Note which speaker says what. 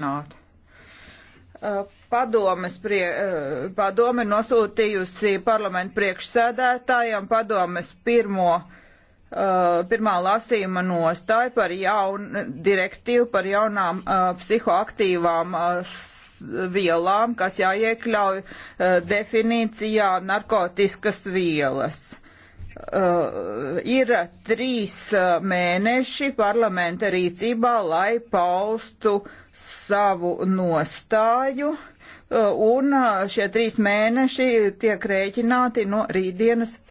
Speaker 1: runāt. Padomes prie, padome nosūtījusi parlamentu priekšsēdētājiem padomes pirmo, pirmā lasījuma nostāju par jaunu direktīvu par jaunām psihoaktīvām vielām, kas jāiekļauj definīcijā narkotiskas vielas. Uh, ir trīs uh, mēneši parlamenta rīcībā, lai paustu savu nostāju, uh, un uh, šie trīs mēneši tiek rēķināti no rītdienas